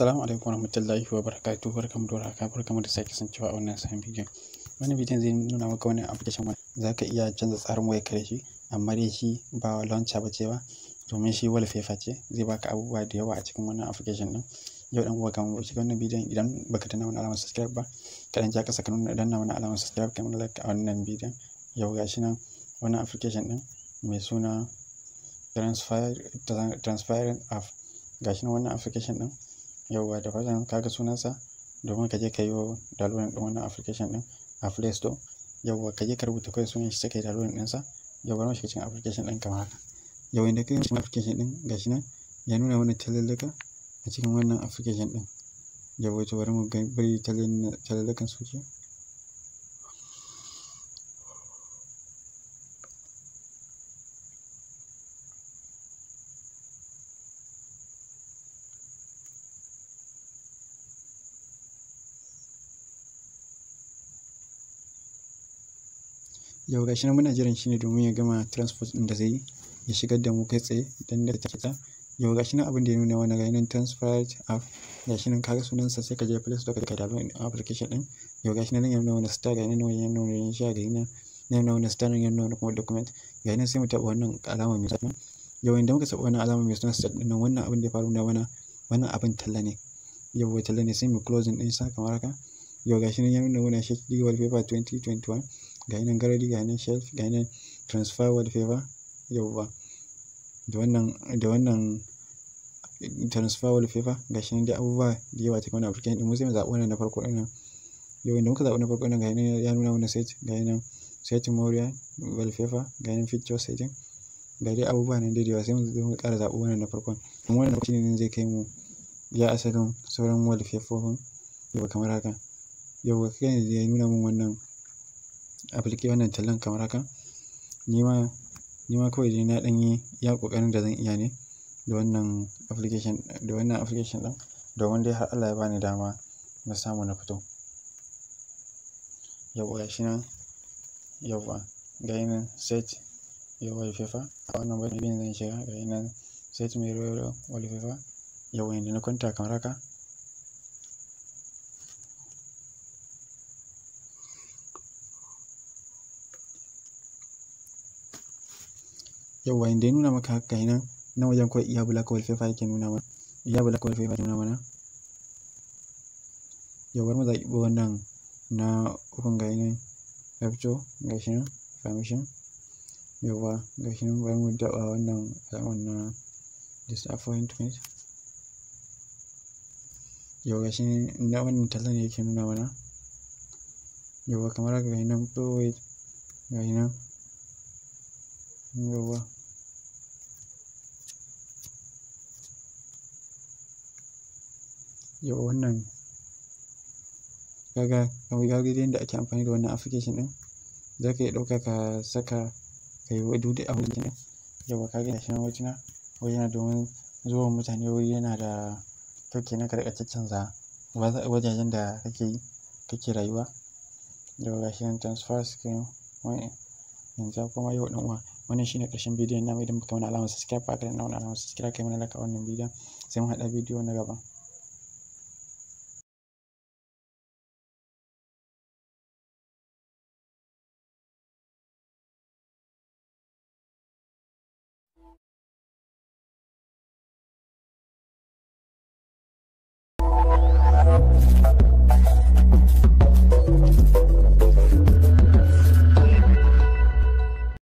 Assalamu alaikum warahmatullahi wabarakatuh barkamu da warhaka barkamu da sake sancewa a wannan sabon bidiyon wannan bidiyon zai nuna maka wani application wanda zaka iya canza tsarin wayar ka da shi amma dai shi ba launcher ba ce ba domin shi wallpaper ce zai baka abubuwa da yawa a cikin wannan application din yau dan uwa kamar shi wannan bidiyon idan baka tana wani alamar subscribe ba ka dan ja ka saka nuna danna wani alamar subscribe kamar like a wannan bidiyon yau gashi nan wannan application din mai suna transparent app gashi nan wannan application din yauwa da fatan kaga sunansa domin ka je ka yi download ɗin wannan application ɗin a Play Store yauwa ka je ka rubuta kai sunan shi sai ka yi download sa yauwa ma shi cikin application ɗin kamar haka yauwa inda ka yi cikin application ɗin gashi nan ya nuna wani talallaka a cikin wannan application ɗin yauwa to bari mu ga bari talallakan su ke yau gashi nan muna jiran shi ne domin ya gama transport ɗin da zai ya shigar da mu kai tsaye dan da take ta yau gashi nan abin da ya nuna wani ga nan transfer app gashi nan kaga sunan sa sai ka je play store ka download application din yau gashi nan ya nuna wani star ga nan ya nuna wani sha ga nan ya na wani star ya nuna wani kuma document ga nan sai mu taba wannan alama mai suna yau inda muka saba wannan alama mai suna start din wannan abin da ya faru na mana wannan abin talla ne yau wai talla ne sai mu closing din sa kamar haka yau gashi nan ya nuna wani shi paper 2021 ga nan gallery ga shelf ga nan transfer wallpaper yauwa da wannan da wannan transfer wallpaper ga shi dai abubuwa da yawa cikin wannan Afirka din mu sai mu zaɓi wannan na farko ɗin yau inda muka zaɓi na farko ɗin ga ya nuna wannan set ga set setting moriya wallpaper ga nan feature setting ga dai abubuwa nan dai da yawa sai mu zo mu ƙara zaɓi wannan na farkon kuma wannan farko ne zai kai mu ya asalin sauran wallpaper yau kamar haka yau kai ne ya nuna min wannan aplike wannan tallan kamar haka ni ma kawai dai na ɗan yi iya ƙoƙarin da zan iya ne da wannan application da wannan application ɗin domin dai har Allah ya bani dama na samu na fito yawwa shi nan yawwa ga yi nan set yawwa fifa a wannan bane zan shiga ga yi nan set mai royal wallpaper yawwa yanda na kwanta kamar haka yauwa inda ya nuna maka haka nan na wajen kawai iya bula wall paper yake nuna mana iya bula wall paper yake nuna mana yauwa mu zaɓi wannan na ukun ga nan capture ga shi nan permission yauwa ga shi nan bari mu daɓa wannan alamar na disappointment yau ga shi na wannan tallan yake nuna mana yau kamar ga nan provide ga nan yauwa yauwa wannan kaga kaga da ake amfani da wannan application ɗin za ka iya ɗauka ka saka ka yi wadu da abin da gina kaga gashi nan wajen wajena domin zuwa mutane wuri yana da kyau kenan ka riƙa caccanza wajajen da kake yi kake rayuwa ga shi nan transfer screen in ja kuma yau ɗan uwa wannan shine ƙarshen bidiyon namu idan baka mana alamar subscribe ba ka da alamar subscribe kai mana like a wannan bidiyon sai mu haɗa bidiyo na gaba